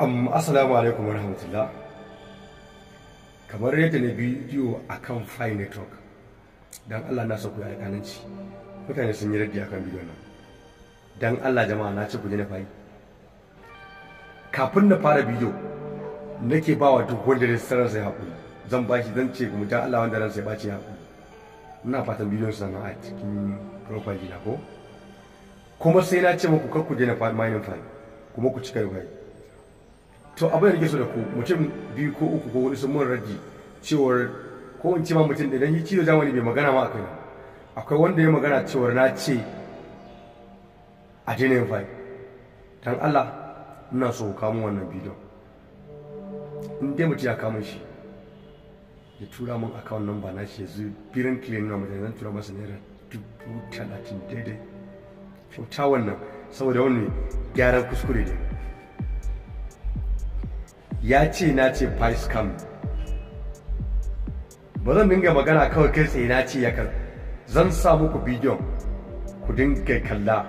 Um, Assalamu alaikum wa warahmatullah kamar yadda na bidiyo a kan fi network don allah na ku ya kananci mutane sun yi raddi a kan bidiyon nan don allah jama'a na ce ku na fayi kafin na fara bidiyo nake ba wa duk wanda rajistarar sai haƙuri zan ba shi zan ce kuma don allah wanda ran ya bace ya haƙuri ina fatan bidiyon su a cikin profile na ko kuma sai na ce muku kar ku daina mining kuma ku cika da file to abin da su da ku mutum biyu ko uku ko wani sun mun raddi cewar ko in ce ma mutum idan yi da zamani bai magana ma akai akwai wanda ya magana cewar na ce a daina ya fai dan Allah ina so ku kamo wannan bidiyon in dai mutum ya kamo shi ya tura min akawun nan ba na shi yanzu birin kilin na mutane zan tura masa naira dubu talatin daidai kyauta wannan saboda wani gyaran kuskure ne ya ce na ce price come ba zan dinga magana kawai kai tsaye na ce ya kar zan sa muku bidiyon ku dinga kalla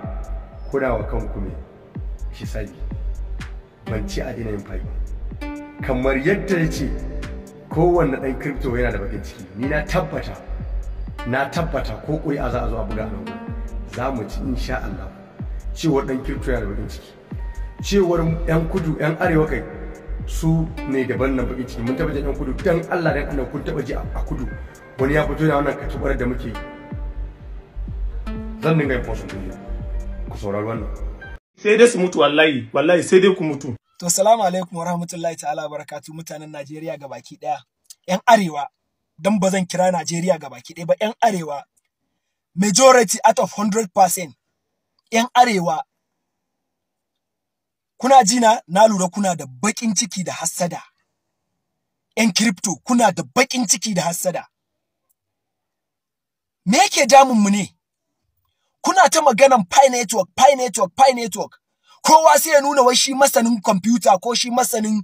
kuna wa kanku me shi sani ban ci adina yin fai kamar yadda ya ce kowanne ɗan kripto yana da bakin ciki ni na tabbata na tabbata ko koyi a za a zo a buga nan za mu ci insha Allah cewar ɗan kripto yana da bakin ciki cewar 'yan kudu 'yan arewa kai su ne gaban na bakin ciki mun taba jin kudu dan Allah dan Allah kun taba ji a kudu wani ya fito da wannan katubar da muke zan dinga yin fosun duniya ku saurari wannan sai dai su mutu wallahi wallahi sai dai ku mutu to assalamu alaikum wa rahmatullahi ta'ala barakatu mutanen Najeriya ga baki daya yan arewa dan ba zan kira Najeriya ga baki daya ba yan arewa majority out of 100% yan arewa kuna jina na lura kuna da bakin ciki da hassada yan crypto kuna da baƙin ciki da hassada me yake damun mu ne kuna ta maganan pi network pi network pi network kowa sai ya nuna wai shi masanin computer ko shi masanin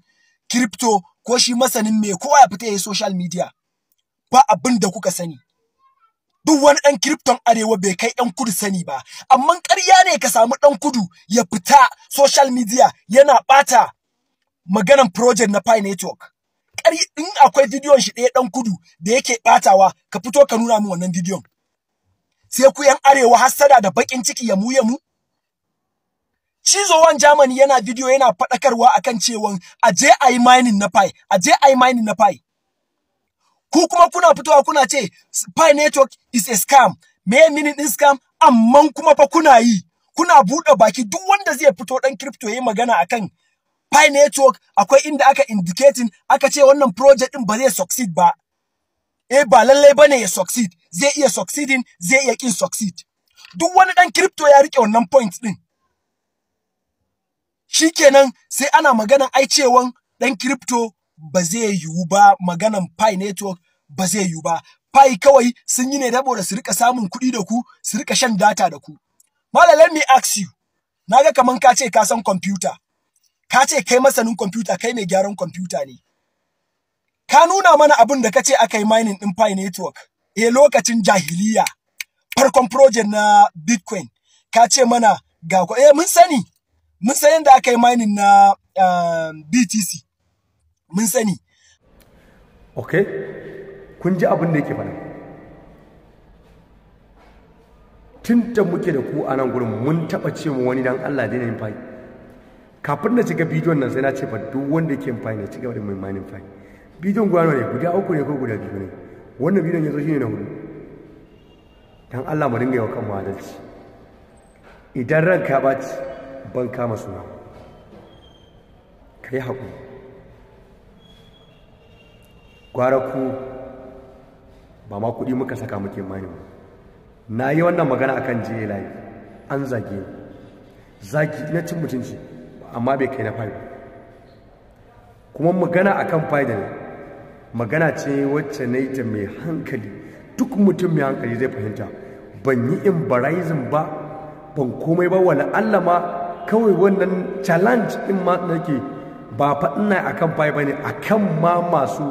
crypto ko shi masanin me kowa ya fita ya social media ba abin da kuka sani duk wani ɗan kirifton arewa bai kai ɗan kudu sani ba amma ƙarya ne ka samu ɗan kudu ya fita social media yana ɓata maganan project na Pi Network ƙari in akwai bidiyon shi ɗaya ɗan kudu da yake ɓatawa ka fito ka nuna min wannan bidiyon sai ku yan arewa hassada da baƙin ciki ya mu ya mu Cizowan Germany yana bidiyo yana faɗakarwa akan cewa a je a yi mining na Pi a je a yi mining na Pi ku kuma kuna fitowa kuna ce Pi network is a scam me minin din scam amman kuma fa kuna yi kuna buɗe baki duk wanda zai fito dan crypto yayi magana akan Pi network akwai inda aka indicating aka ce wannan project din ba zai succeed ba eh ba lallai bane ya succeed zai iya succeeding zai iya kin succeed duk wani dan crypto ya rike wannan point din shikenan sai ana maganan ai ɗan dan crypto ba zai yiwu ba maganan Pi network ba zai yiwu ba. Pi kawai sun yi ne da su rika samun kuɗi da ku, su rika shan data da ku. Malam let me ask you. Na ga kaman ka ce ka san kwamfuta. Ka ce kai masanin kwamfuta, kai mai gyaran kwamfuta ne. Ka nuna mana abin da ka ce aka yi mining ɗin Pi network. E lokacin jahiliya. Farkon project na Bitcoin. Ka ce mana ga eh mun sani. Mun san da aka yi mining na eh, BTC. mun sani Ok, kun ji abin da yake faɗa tun da muke da ku a nan gurin mun taɓa ce mu wani dan Allah daina yin fayi kafin na shiga bidiyon nan sai na ce fa duk wanda yake yin ne ci gaba da mai manin bidiyon guda ne guda uku ne ko guda biyu ne wannan bidiyon ya zo ne na hudu dan Allah mu dinga yawa kanmu adalci idan ranka ba ban kama suna ka yi haƙuri gwara ku ba ma kuɗi muka saka muke mani na yi wannan magana akan jiye layi an zage ni zagi na cin mutunci amma bai kai na fayi kuma magana akan fayi da ne magana ce wacce na yi ta mai hankali duk mutum mai hankali zai fahimta ban yi embarrassing ba ban komai ba wala Allah ma kawai wannan challenge in ma nake ba fa ina akan fayi a akan ma masu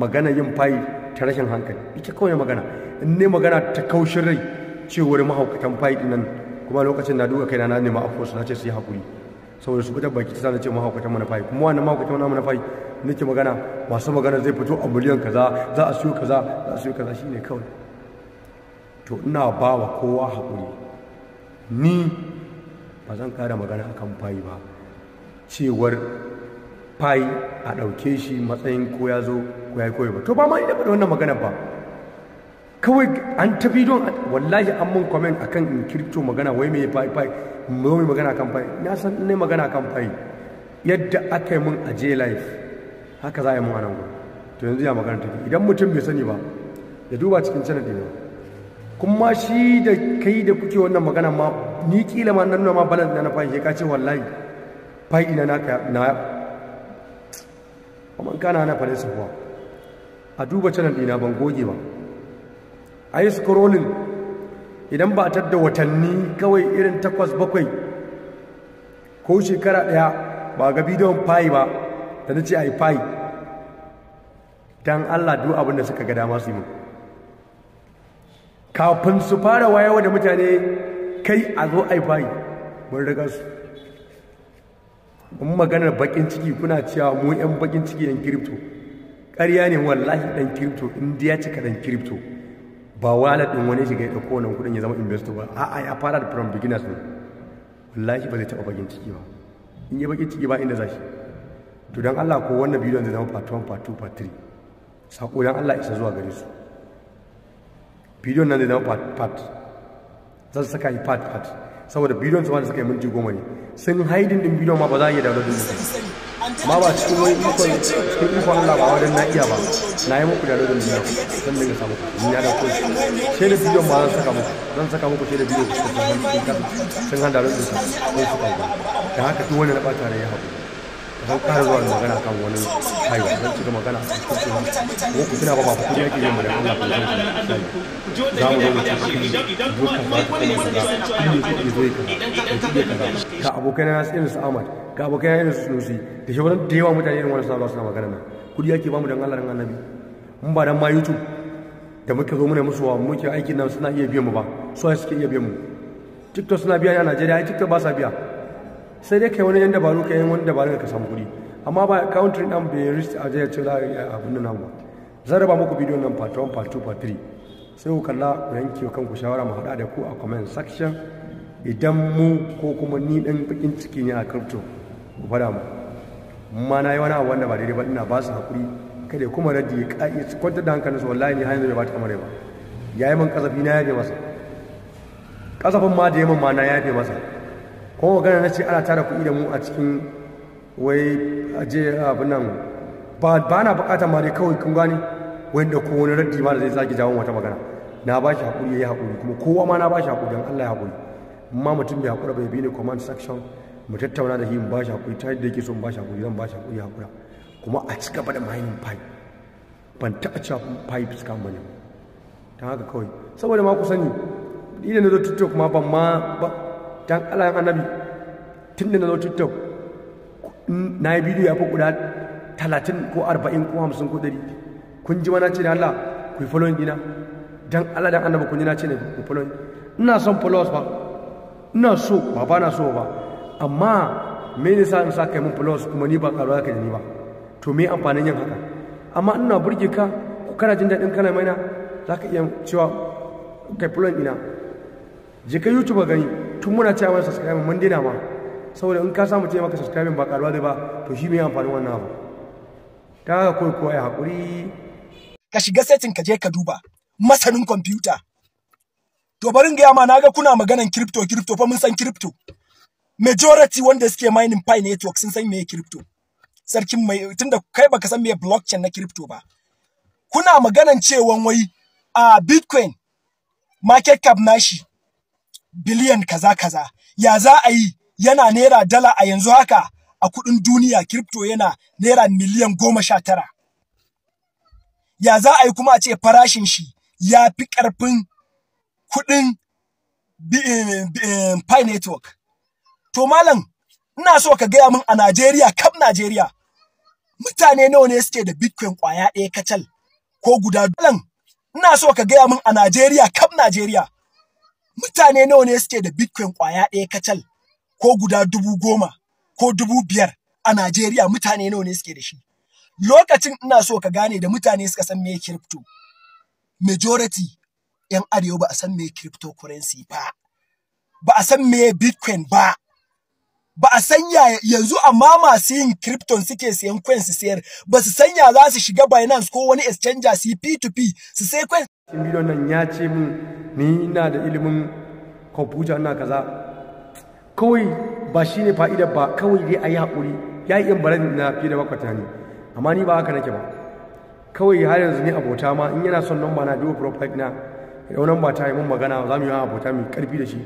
magana yin fayi ta rashin hankali ita kawai magana in ne magana ta kaushin rai cewar mahaukatan fayi nan kuma lokacin na duka kaina na nema afuwarsu na ce su yi hakuri saboda su gudan baki ta na ce mahaukatan mana fayi kuma wannan mahaukatan mana mana fayi nake magana masu magana zai fito a miliyan kaza za a siyo kaza za a siyo kaza shine kawai to ina ba wa kowa hakuri ni ba zan kara magana akan fayi ba cewar fayi a ɗauke shi matsayin ko ya zo ko ya yi koyo ba to ba ma ina faɗa wannan magana ba kawai an ta bidon wallahi an mun comment akan in kirkto magana wai mai fayi fayi mu mai magana kan fayi na san ne magana kan fayi yadda aka yi mun a j life haka za a yi mun a nan gudu to yanzu ya magana take idan mutum bai sani ba ya duba cikin sanadi ne kuma shi da kai da kuke wannan magana ma ni kila ma nan ma balance na fayi ka ce wallahi fayi na na kuma kana na fare kuwa a duba canan dina ban goge ba a yi scrolling idan ba a tadda watanni kawai irin takwas bakwai ko shekara ɗaya ba ga bidiyon fayi ba da na ce a yi fayi don allah duk abin da suka ga dama su yi kafin su fara wayewa da mutane kai a zo a yi fayi mun riga su in maganar bakin ciki kuna cewa mu yan bakin ciki dan kiripto ƙarya ne wallahi dan kiripto inda ya cika dan kiripto ba wala din wani shiga ya dauko wannan kudin ya zama investor ba a'a ya fara da from beginners ne wallahi ba zai taba bakin ciki ba in yi bakin ciki ba inda zashi to dan Allah ko wannan bidiyon zai zama part 1 part 2 part 3 sako dan Allah isa zuwa gare su bidiyon nan zai zama part part zan saka yi part part saboda bidiyon su ma da suka yi minti goma ne sun haidin din bidiyon ma ba za a iya da da su ma ba cikin wani ikon cikin ikon Allah ba wajen na iya ba na yi muku dawo da bidiyon zan dinga samu ni ya da koyi sai da bidiyon ma zan saka muku zan saka muku sai da bidiyon sun hada da su sun hada da su da haka duk wani na ɓata rai ya haƙu don ƙara zuwa magana kan wani haiwa don cika magana a cikin suna ko ku ba ba da ko ba kuma ka abokai na irin su Ahmad ka abokai na irin su Sunusi da shi wannan da mutane irin wani suna suna magana nan kuɗi yake ba mu don Allah Annabi mun ba dan ma YouTube da muke zo muna musu wa muke aikin nan suna iya biyan mu ba su suke iya biyan mu TikTok suna biya a Najeriya ai TikTok ba sa biya sai dai kai wani yan dabaru ka yi wani dabaru ka samu kuɗi amma ba country ɗan bai risk a jiya ce a abin nan ba zan raba muku bidiyo nan part 1 part 2 part 3 sai ku kalla ku yanke kanku shawara mu haɗa da ku a comment section idan mu ko kuma ni ɗan bakin ciki ne a crypto ku faɗa mu ma na yi wani abu wanda ba daidai ba ina ba su haƙuri kada kuma radi ya ƙa'i kwantar da hankalinsu wallahi ni hanyar da ba ta kamar ba ya yi man kasafi na yafe masa kasafin ma da yaman ma na yafe masa ko gana na ce ana tara kuɗi da mu a cikin wai a je abin nan ba na bukatar ma dai kawai kun gane wanda ko wani raddi ma da zai zagi jawon wata magana na ba shi haƙuri ya yi haƙuri kuma kowa ma na ba shi haƙuri don Allah ya haƙuri amma mutum bai haƙura bai bi ni command section mu tattauna da shi ba shi haƙuri ta yadda yake so mu ba shi haƙuri zan ba shi haƙuri ya haƙura kuma a ci gaba da mayin pipe ban taɓa cewa pipe fuska ba ne ta haka kawai saboda ma ku sani idan na zo tuttok ma ban ma dan Allah annabi tun da na zo tiktok na yi bidiyo ya fi guda talatin ko arba'in ko hamsin ko dari. kun ji mana ce da Allah ku yi following dina dan Allah dan annabi kun ji na ce ne ku following ina son followers ba ina so ba ba na so ba amma me ne sa in sa kai mun followers kuma ni ba karuwa ka ni ba to me amfanin yin haka amma ina burge ka ku kana jin daɗin kana maina za ka iya cewa kai following dina je ka youtube gani tun muna cewa wani subscribe mun dina ma saboda in ka samu ce maka subscribe ba karuwa zai ba to shi mai amfanin wannan abu ta ga kawai kowa ya haƙuri ka shiga setin ka je ka duba masanin kwamfuta to barin gaya ma naga kuna maganan crypto crypto fa mun san crypto majority wanda suke mining pi network sun san meye crypto sarkin mai tunda kai baka san meye blockchain na crypto ba kuna maganan cewa wai a ah, bitcoin market cap nashi biliyan kaza kaza ya za a yi yana naira dala a yanzu haka a kuɗin duniya kripto yana naira miliyan goma sha tara ya za a yi kuma a ce farashin shi ya fi ƙarfin kuɗin eh, eh, Pi Network. To malam, ina so ka gaya min a Najeriya, kam Najeriya, mutane nawa ne suke da Bitcoin kwaya ɗaya kacal ko guda. Malam, ina so ka gaya min a Najeriya, kam Najeriya, mutane nawa ne suke da bitcoin kwaya ɗaya kacal ko guda dubu goma ko dubu biyar a Najeriya mutane nawa ne suke da shi. Lokacin ina so ka gane da mutane suka san me crypto. Majority 'yan arewa ba a san me cryptocurrency ba. Ba a san me bitcoin ba. Ba a san yanzu amma masu yin crypton suke siyan kwan su sayar. Ba su sanya za su shiga Binance ko wani exchanger su yi P2P su sai cikin bidiyon nan ya ce min ni ina da ilimin kwamfuta na kaza kawai ba shi ne fa'ida ba kawai dai a yi haƙuri ya yi barin na fiye da bakwata ne amma ni ba haka nake ba kawai har yanzu ni abota ma in yana son ba na biyu profile na yau ba ta yi mun magana za mu yi abota mai karfi da shi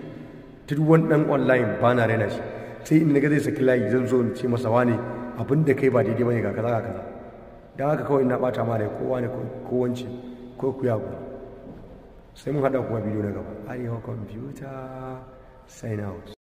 ta duk wani ɗan online ba na raina shi sai in ga zai saki layi zan zo in ce masa wane abin da kai ba daidai ba ne ga kaza ga kaza don haka kawai ina bata ma da kowa ne kowance ko ku sai mun haɗa kuma bidiyo na gaba arewa computer sign out